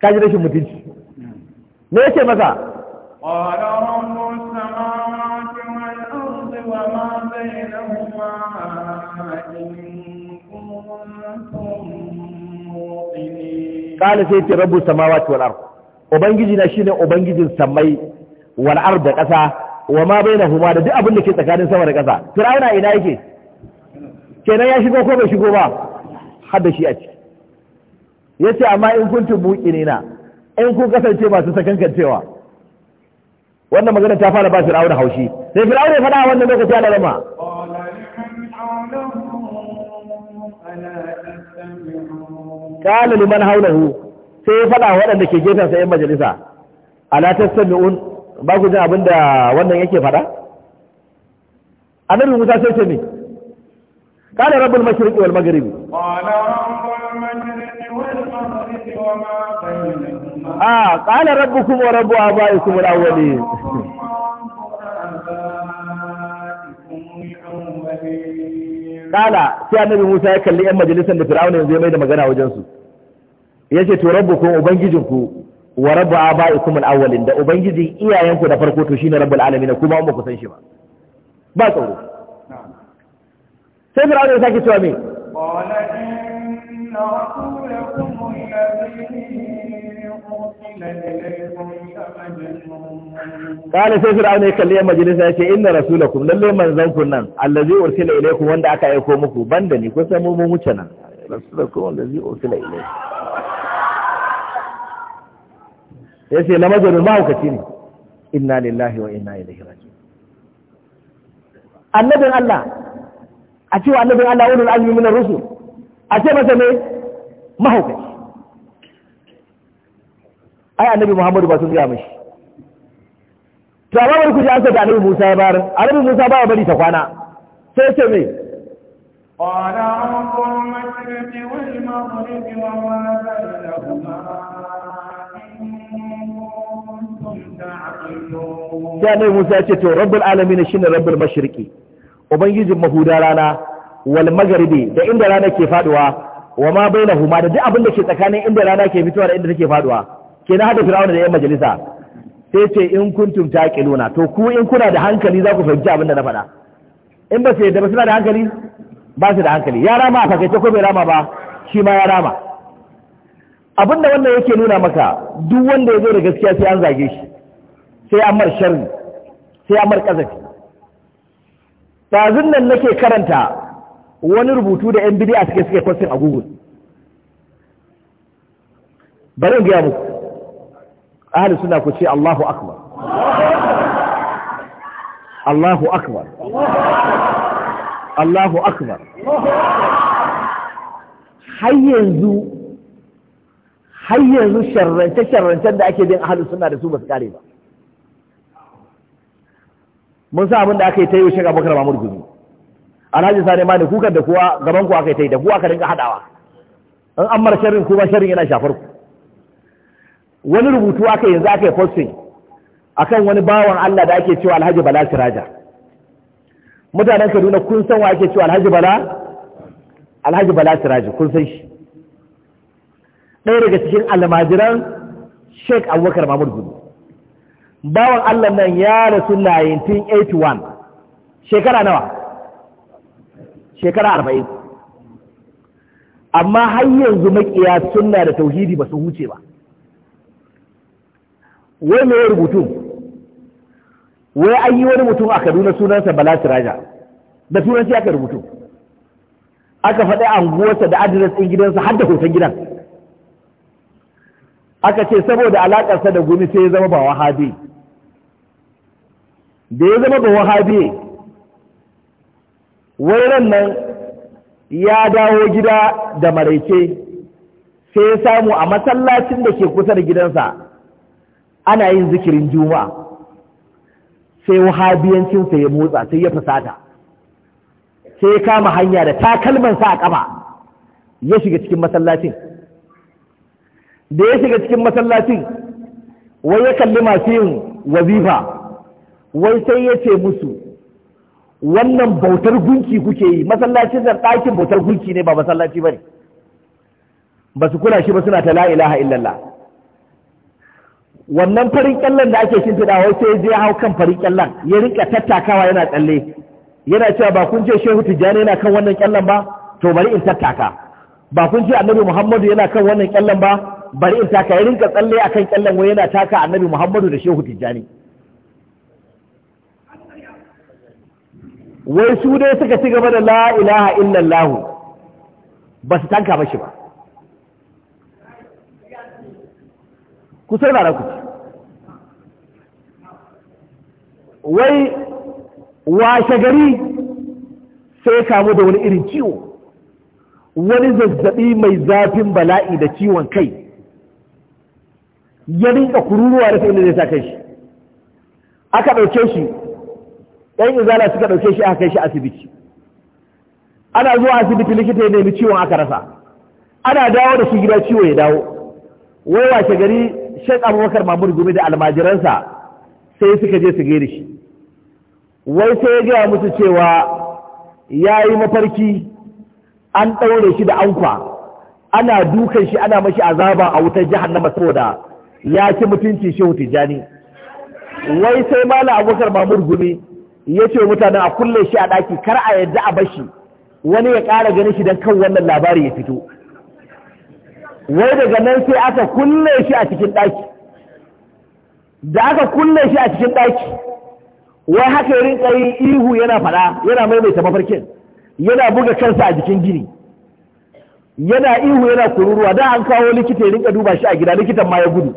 ka ji rashin mutunci me yake masa Kala sai ce rabu samawati wal ardi ubangiji na shine ubangijin samai wal ardi da ƙasa wa ma bainahuma da duk abin da ke tsakanin sama da ƙasa fir'auna ina yake kenan ya shigo ko bai shigo ba hada shi a ya yace amma in ne na in kun kasance masu sakankancewa wannan magana ta fara ba da haushi sai fir'auna ne faɗa wannan lokaci ya lalama kala liman haulahu sai ya faɗa waɗanda ke gefen sa 'yan majalisa ala tasmi'un ba ku jin abin da wannan yake faɗa annabi Musa sai ce ne قال رب المشرق والمغرب قال رب المشرق والمغرب وما بينهما آه قال ربكم ورب آبائكم الأولين قال sai annabi Musa ya kalli ƴan majalisar da Fir'auna yanzu ya mai da magana wajen su Ya ce to rabbukum ubangijinku wa rabbu abaikum al-awwalin da ubangijin iyayenku da farko to shi ne shine rabbul na kuma ba ku san shi ba ba tsoro sai fir'auna ya sake cewa me qala inna rasulakum Kala sai Fir'aun ya kalli yan majalisa ya ce inna rasulakum lalle manzon kun nan allazi ursila ilaykum wanda aka aiko muku banda ni kun san mu mun wuce nan rasulakum allazi ursila ilaykum ce la majnun ma hukaci ne inna lillahi wa inna ilaihi raji'un annabin Allah a cewa annabin Allah wani azmi minar ar-rusul a ce masa ne mahaukaci ai annabi Muhammadu ba sun gaya mashi. to a babar ku ji ansa da annabi Musa ya bar annabi Musa ba ya bari ta kwana sai ce mai sai annabi Musa ya ce to rabbul alamin ne rabbul mashirki. ubangijin mahuda rana wal magharibi da inda rana ke faduwa wa ma bainahuma da duk abin da ke tsakanin inda rana ke fitowa da inda take faduwa kenan hada fir'auna da yan majalisa sai ce in kuntum taqiluna to ku in kuna da hankali za ku fahimci abin da na faɗa in ba sai da ba suna da hankali ba su da hankali ya rama a fakaice ko bai rama ba shi ma ya rama abin da wannan yake nuna maka duk wanda ya zo da gaskiya sai an zage shi sai an mar sharri sai an mar kazafi ɗazun nan nake karanta wani rubutu da yan bidiya suke suke kwasin a google bari in gaya muku ahalin suna ku ce allahu akbar allahu akbar allahu akbar har yanzu har yanzu sharrance-sharrancen da ake bin ahalin suna da su ba su kare ba mun sa abin da aka yi ta yi shi abubakar mamur guzu alhaji sani ma ne kukan da kuwa gaban ku aka yi ta yi da kuwa aka dinga haɗawa in an mara sharrin kuma sharrin yana shafar ku wani rubutu aka yanzu aka yi posting akan wani bawan Allah da ake cewa alhaji bala siraja mutanen kaduna kun san wa ake cewa alhaji bala alhaji bala siraji kun san shi ɗaya daga cikin almajiran sheik abubakar mamur gudu bawan Allah nan ya rasu 1981 shekara nawa shekara arba'in amma har yanzu makiya sunna da tauhidi ba su huce ba wai me ya rubutu wai an yi wani mutum a kaduna sunansa bala siraja da sunansa aka rubutu aka faɗi anguwarsa da adres ɗin gidansa har da hoton gidan aka ce saboda alaƙarsa da gumi sai ya zama ba wahabi da ya zama ba wahabi wairan nan ya dawo gida da maraice sai ya samu a masallacin da ke kusa da gidansa ana yin zikirin juma'a sai wahabiyancinsa ya motsa sai ya fusata sai ya kama hanya da takalmansa a ƙafa ya shiga cikin masallacin da ya shiga cikin masallacin wai ya kalli masu yin wazifa wai sai ya ce musu wannan bautar gunki kuke yi masallaci da ɗakin bautar gunki ne ba masallaci ba ne ba su kula shi ba suna ta la ilaha illallah wannan farin kyallon da ake shimfiɗa wai sai ya hau kan farin kyallon ya rika tattakawa yana tsalle yana cewa ba kun ce shehu tijjani yana kan wannan kyallon ba to bari in tattaka ba kun ce annabi muhammadu yana kan wannan kyallon ba bari in taka ya rinka tsalle akan kyallon wai yana taka annabi muhammadu da shehu tijjani wai su dai suka ci gaba da la ilaha illallah ba su tanka ba shi ba ku saurara ku wai washe gari sai kamu da wani irin ciwo wani zazzabi mai zafin bala'i da ciwon kai ya rinka kururuwa da inda ya sa kai shi aka ɗauke shi ɗan izala suka ɗauke shi aka kai shi asibiti ana zuwa asibiti likita ya nemi ciwon aka rasa ana dawo da shi gida ciwo ya dawo wai washe gari shan abubakar mamur gumi da almajiransa sai suka je su da shi wai sai ya gaya musu cewa ya yi mafarki an ɗaure shi da ankwa ana dukan shi ana mashi azaba a wutar jahannama saboda ya ci mutunci hutu tijjani wai sai mala abubakar mamur gumi ya ce mutanen a kulle shi a ɗaki kar a yadda a bashi wani ya ƙara ganin shi don kan wannan labari ya fito wai daga nan sai aka kulle shi a cikin ɗaki da aka kulle shi a cikin ɗaki wai haka yarin ƙari ihu yana faɗa yana maimaita mafarkin yana buga kansa a jikin gini yana ihu yana kururuwa da an kawo likita ya rinka duba shi a gida likitan ma ya gudu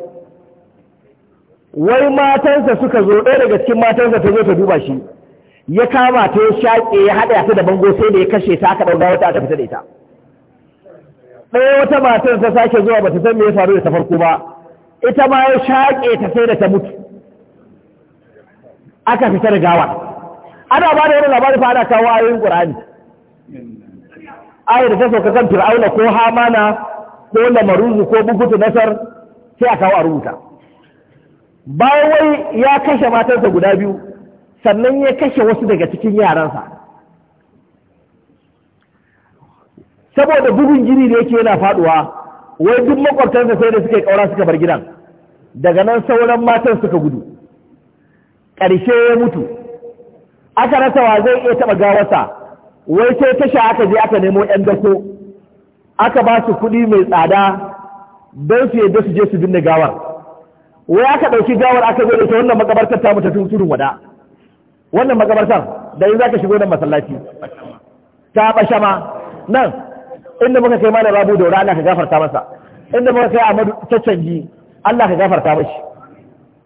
wai matansa suka zo ɗaya daga cikin matansa ta zo ta duba shi ya kama ta ya shaƙe ya haɗa ta da bango sai da ya kashe ta aka ɗauka wata aka fita da ita ɗaya wata matansa ta sake zuwa bata san me ya faru da ta farko ba ita ma ya shaƙe ta sai da ta mutu aka fita da gawa ana ba da wani labari fa ana kawo ayoyin ƙur'ani ayar da ta sauka kan fir'auna ko hamana ko lamaruzu ko bukutu nasar sai a kawo a rubuta bayan wai ya kashe matarsa guda biyu sannan ya kashe wasu daga cikin yaransa saboda bugun jini da yake yana faduwa wai duk makwabtansa sai da suka yi kaura suka bar gidan daga nan sauran matan suka gudu ƙarshe ya mutu aka rasa wa zai iya taɓa gawarsa wai sai tasha aka je aka nemo 'yan dako aka ba su kuɗi mai tsada don su yadda su je su binne gawar wai aka ɗauki gawar aka zo da ita wannan makabartar ta mutu tudun wada wannan makabartar da yanzu zaka shigo nan masallaci ta bashama nan inda muka kai mana rabu daura Allah ka gafarta masa inda muka kai Amadu ta canji Allah ka gafarta mashi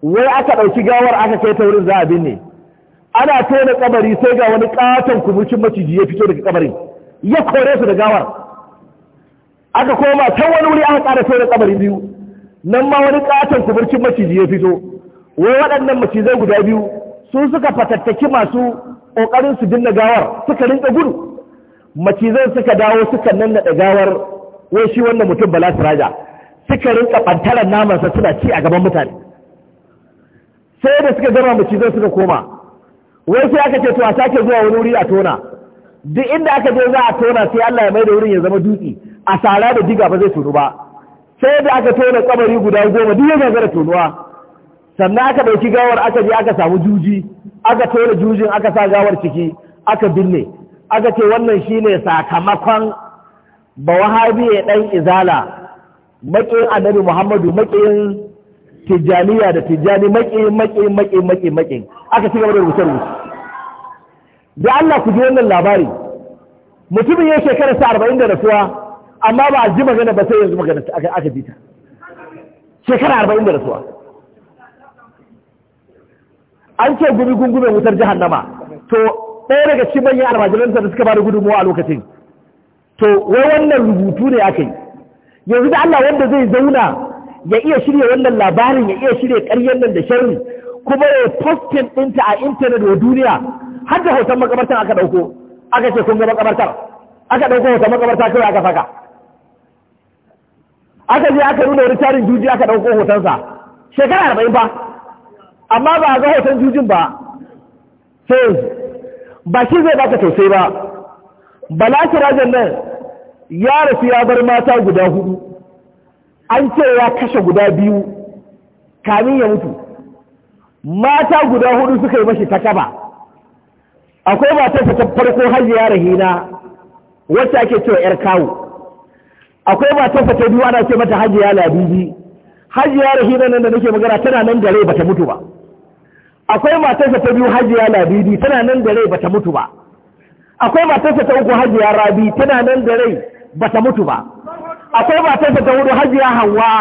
wai aka ɗauki gawar aka kai ta wurin za a binne ana tona kabari sai ga wani katon kumurcin maciji ya fito daga kabarin ya kore su da gawar aka koma ta wani wuri aka ƙara tona kabarin biyu nan ma wani katon kuburcin maciji ya fito wai waɗannan macizai guda biyu sun suka fatattaki masu ƙoƙarin su dinna gawar suka rinka gudu macizan suka dawo suka nan da gawar wai shi wannan mutum bala siraja suka rinka ɓantaran namansa suna ci a gaban mutane sai da suka gama macizai suka koma wai sai aka ce to a sake zuwa wani wuri a tona duk inda aka je za a tona sai Allah ya mai da wurin ya zama dutse a sara da diga ba zai tunu ba sai da aka tona kabari guda goma duk ya gagara tonuwa sannan aka ɗauki gawar aka je aka samu juji aka tona jujin aka sa gawar ciki aka binne aka ce wannan shine sakamakon ba wahabi ya ɗan izala makin annabi muhammadu makin tijjaniya da tijjani makin makin makin makin makin aka ci gaba da rubuce rubuce da Allah ku ji wannan labari mutumin ya shekara sa arba'in da rasuwa amma ba a ji magana ba sai yanzu magana ta aka ji shekara arba'in da rasuwa an ce gumi gungume wutar jahannama to ɗaya daga cikin manyan almajiransa da suka bada gudunmuwa a lokacin to wai wannan rubutu ne aka yi yanzu da Allah wanda zai zauna ya iya shirya wannan labarin ya iya shirya ƙaryen nan da sharri kuma ya postin ɗinta a intanet wa duniya har da hoton makabartar aka ɗauko aka ce kun ga makabartar aka ɗauko hoton makabarta kawai aka saka aka je aka nuna wani tarin juji aka ɗauko hotonsa shekara arba'in ba amma ba a ga hoton jujin ba sai ba shi zai baka tausayi ba bala kirajen nan ya rasu ya bar mata guda hudu an ce ya kashe guda biyu kamin ya mutu mata guda hudu suka yi mashi takaba akwai matarsa ta farko ya rahina wacce ake cewa 'yar kawo akwai matarsa ta biyu ana ce mata hajiya labibi hajiya rahina nan da nake magana tana nan da rai bata mutu ba akwai matarsa ta biyu hajiya labibi tana nan da rai bata mutu ba akwai matarsa ta uku hajiya rabi tana nan da rai bata mutu ba akwai matarsa ta hudu hajiya hawa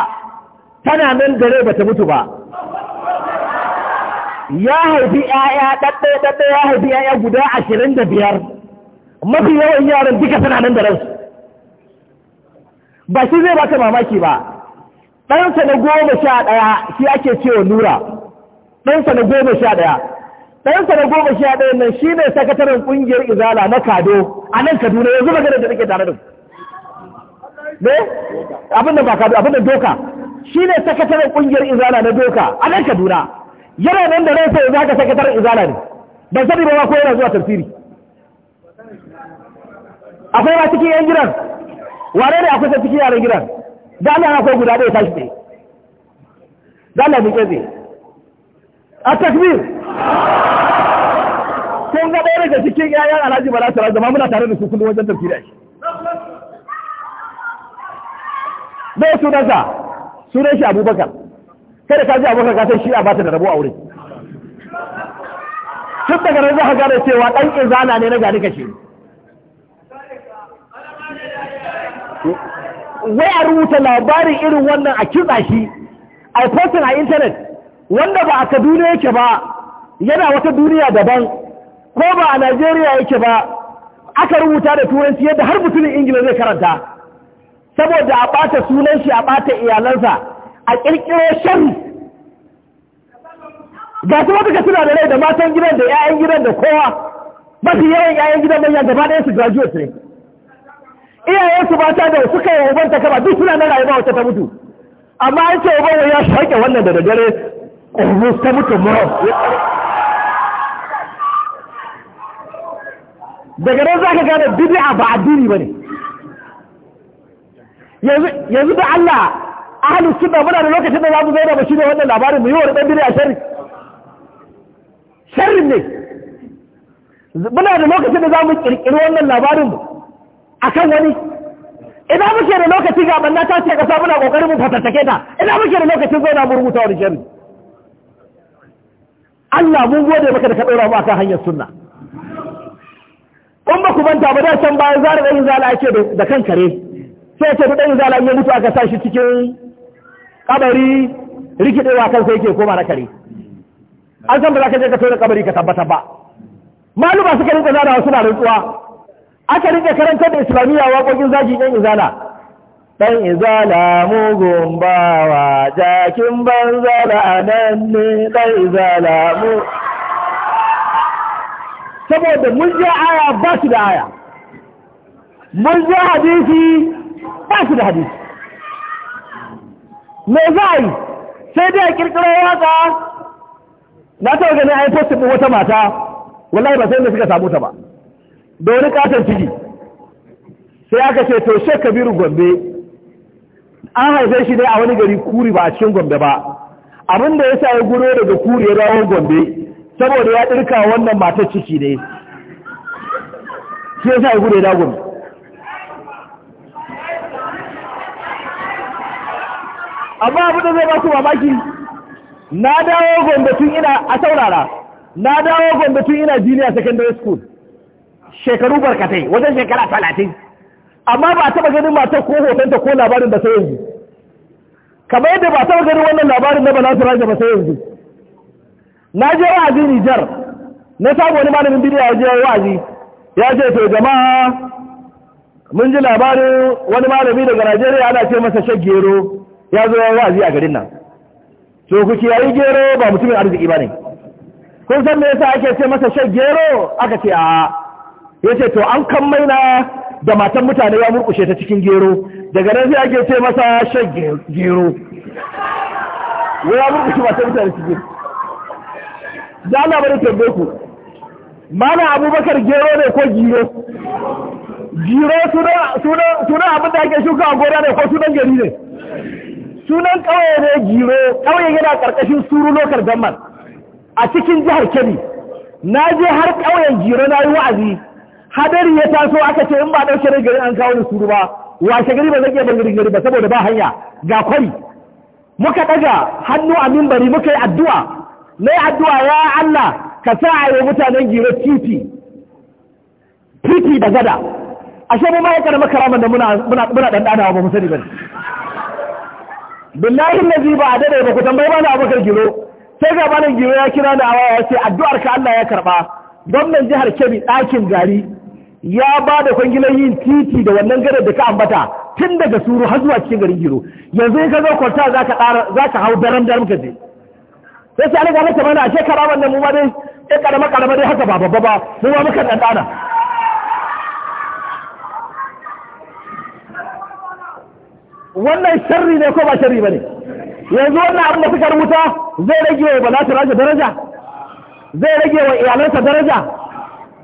tana nan da rai bata mutu ba ya haifi ‘ya'ya ɗaɗɗaya ɗaɗɗaya ya haifi ‘ya'ya guda ashirin da biyar mafi yawan yaran duka tana nan da ransu ba shi zai baka mamaki ba ɗansa na goma sha ɗaya shi ake cewa nura ɗansa na goma sha ɗaya ɗansa na goma sha ɗaya nan shi ne sakataren ƙungiyar izala na kado a nan kaduna yanzu magana da nake tare da ne abin da ba kado abin da doka shi ne sakataren ƙungiyar izala na doka a nan kaduna yana nan da ransa yanzu haka sakataren izala ne ban sani ba ko yana zuwa tafsiri akwai ba cikin yan gidan wane ne a kusa cikin yaran gidan da Allah akwai guda ɗaya tashi ne. da Allah bi tsaye a takbir kun ga ɗaya daga cikin yayan alhaji bala sara zama muna tare da su kullum wajen tafsiri shi bai sunansa sunan shi abubakar kada ka ji abubakar ka san shi a bata da rabo a wurin tun daga nan za ka gane cewa ɗan izana ne na gani kashe wai a rubuta labarin irin wannan a kitsa shi a postin a intanet wanda ba a kaduna yake ba yana wata duniya daban ko ba a najeriya yake ba aka rubuta da turanci yadda har mutumin ingila zai karanta saboda a ɓata sunan shi a ɓata iyalansa a kirkiro shan ga su wata suna da rai da matan gidan da 'ya'yan gidan da kowa mafi yawan 'ya'yan gidan manyan gaba ɗaya su graduate ne iyayensu mata da suka yi ubanta kama duk suna na rayuwa wacce ta mutu amma an ce uban ya shaƙe wannan da dare ƙormus ta mutu mura daga nan za ka gane a ba addini ba ne yanzu da Allah ahalus suna muna da lokacin da za mu zauna ba shi ne wannan labarin mu yi wani ɗan a sharri sharrin ne muna da lokacin da za mu ƙirƙiri wannan labarin mu akan wani ina muke da lokaci ga banna ta ce kasa muna kokarin mu fatattake ta ina muke da lokacin zo na murmuta wani jami Allah mun gode maka da ka ɗora mu akan hanyar sunna in ba ku manta ba da san bayan zara ɗan zala yake da kan kare sai ce ɗan zala ya mutu aka sa shi cikin kabari rikidewa sai yake koma na kare an san ba za ka je ka tona kabari ka tabbata ba maluma suka rinka zara suna rantsuwa aka rike karantar da islamiyya waƙoƙin zagi ɗan izala ɗan izala mugun bawa jakin banza da anan ne ɗan izala mu saboda mun je aya ba su da aya mun je hadisi ba su da hadisi me za a yi sai dai a kirkirar waka na ta gani a yi fosta wata mata wallahi ba sai da suka samu ta ba da wani katon ciki sai aka ce to shek kabiru gombe an haife shi dai a wani gari kuri ba a cikin gombe ba abin da ya sa ya guro daga kuri ya dawo gombe saboda ya ɗirka wannan matar ciki ne shi ya sa ya guro ya dawo amma abin da zai ba ku mamaki na dawo gombe tun ina a saurara na dawo gombe tun ina junior secondary school shekaru barkatai wajen shekara talatin amma ba a taɓa ganin matar ko hotonta ko labarin da sai yanzu kamar yadda ba a taɓa ganin wannan labarin na bala suraja ba sai yanzu na je wa'azi nijar na samu wani malamin bidiyo ya je wa'azi ya ce to jama'a mun ji labarin wani malami daga najeriya ana ce masa shan gero ya zo wa'azi a garin nan to ku yayi gero ba mutumin arziki ba ne kun san me yasa ake ce masa shan gero aka ce a ya ce to an kan maina da matan mutane ya murkushe ta cikin gero daga nan sai ake ce masa shan gero ya murkushe matan mutane cikin da na bari tambaye ku mana abubakar gero ne ko giro giro suna abin da ake shuka a gona ne ko sunan gari ne sunan kawai ne giro kawai yana karkashin suru lokar gamar a cikin jihar kebbi na je har ƙauyen gero na yi wa'azi hadari ya taso aka ce in ba ɗauke rai gari an kawo da suru ba washe gari ba zan iya bangare gari ba saboda ba hanya ga kwari muka ɗaga hannu a mimbari muka yi addu'a na addu'a ya Allah ka sa a yi mutanen gira titi titi da gada A shi ma ya karama da muna ɗanɗana ba mu sani bane billahi allazi ba ba ku tambayi na abokar giro sai ga malam giro ya kira da awa ya ce addu'ar ka Allah ya karba gwamnan jihar Kebbi ɗakin gari ya ba da kwangilan yin titi da wannan gadar da ka ambata tun daga suru har zuwa cikin garin giro yanzu in ka zo kwarta za ka hau daram daram ka je sai sai alaga mata mana a shekara wannan mu ma dai ɗan karama karama dai haka ba babba ba mu ma muka ɗanɗana wannan sharri ne ko ba sharri ba ne yanzu wannan abin da suka rubuta zai rage wa balatu daraja zai rage wa iyalansa daraja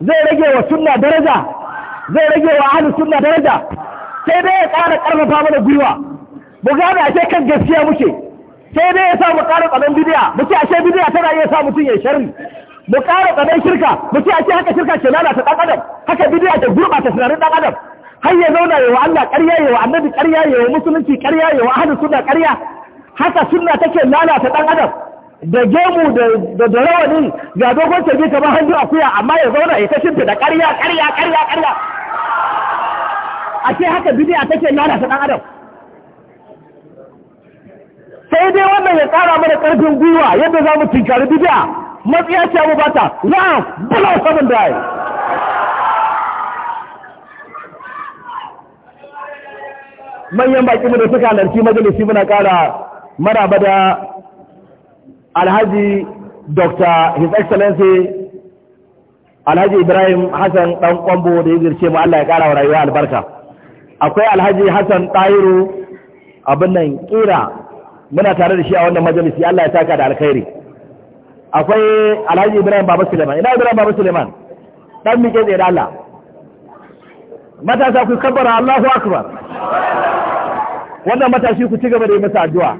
zai rage wa sunna daraja zai rage wa ahlus sunna daraja sai dai ya ƙara ƙarfafa mana gwiwa mu gane ashe kan gaskiya muke sai dai ya sa mu ƙara tsanan bidiya mu ce ashe bidiya tana iya sa mutum ya sharri mu ƙara tsanan shirka mu ce ashe haka shirka ce lalata ɗan adam haka bidiya ta gurɓata tunanin ɗan adam har ya zauna yawa Allah ƙarya yawa annabi ƙarya yawa musulunci ƙarya yawa ahlus suna ƙarya haka suna take lalata ɗan adam da gemu da da rawani ga dogon sarki kamar hannu akuya amma ya zauna ya ta shimfida ƙarya ƙarya ƙarya ƙarya a ce haka a take ta ɗan adam sai dai wannan ya ƙara mana ƙarfin gwiwa yadda za mu tinkari bidiya matsiya ce mu bata na bula saman da manyan baki mu da suka halarci majalisi muna ƙara maraba da alhaji dr his excellency alhaji ibrahim hassan dan kwambo da ya zirce mu allah ya kara wa rayuwa albarka akwai alhaji hassan tahiru abin nan kira muna tare da shi a wannan majalisi allah ya taka da alkhairi akwai alhaji ibrahim baba suleiman ina ibrahim baba suleiman dan mike tsaye da allah matasa ku kabbara allahu akbar wannan matashi ku ci gaba da yi masa addu'a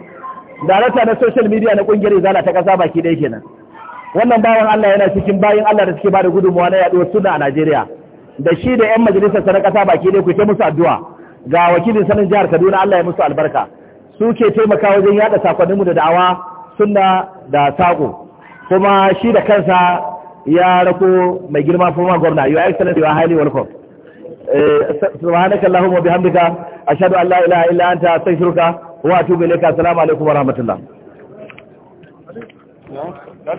darakta na social media na kungiyar izala ta kasa baki ɗaya kenan wannan bawan Allah yana cikin bayan Allah da suke bada gudunmawa na yaɗuwar suna a Najeriya da shi da yan majalisar sa na kasa baki ɗaya ku ta musu addu'a ga wakilin sanin jihar Kaduna Allah ya musu albarka su ke taimaka wajen yada sakonninmu da da'awa suna da saƙo, kuma shi da kansa ya rako mai girma former gwamna your excellency you highly welcome eh, subhanakallahumma bihamdika ashhadu wa atubu ka assalamu alaikum wa rahmatullah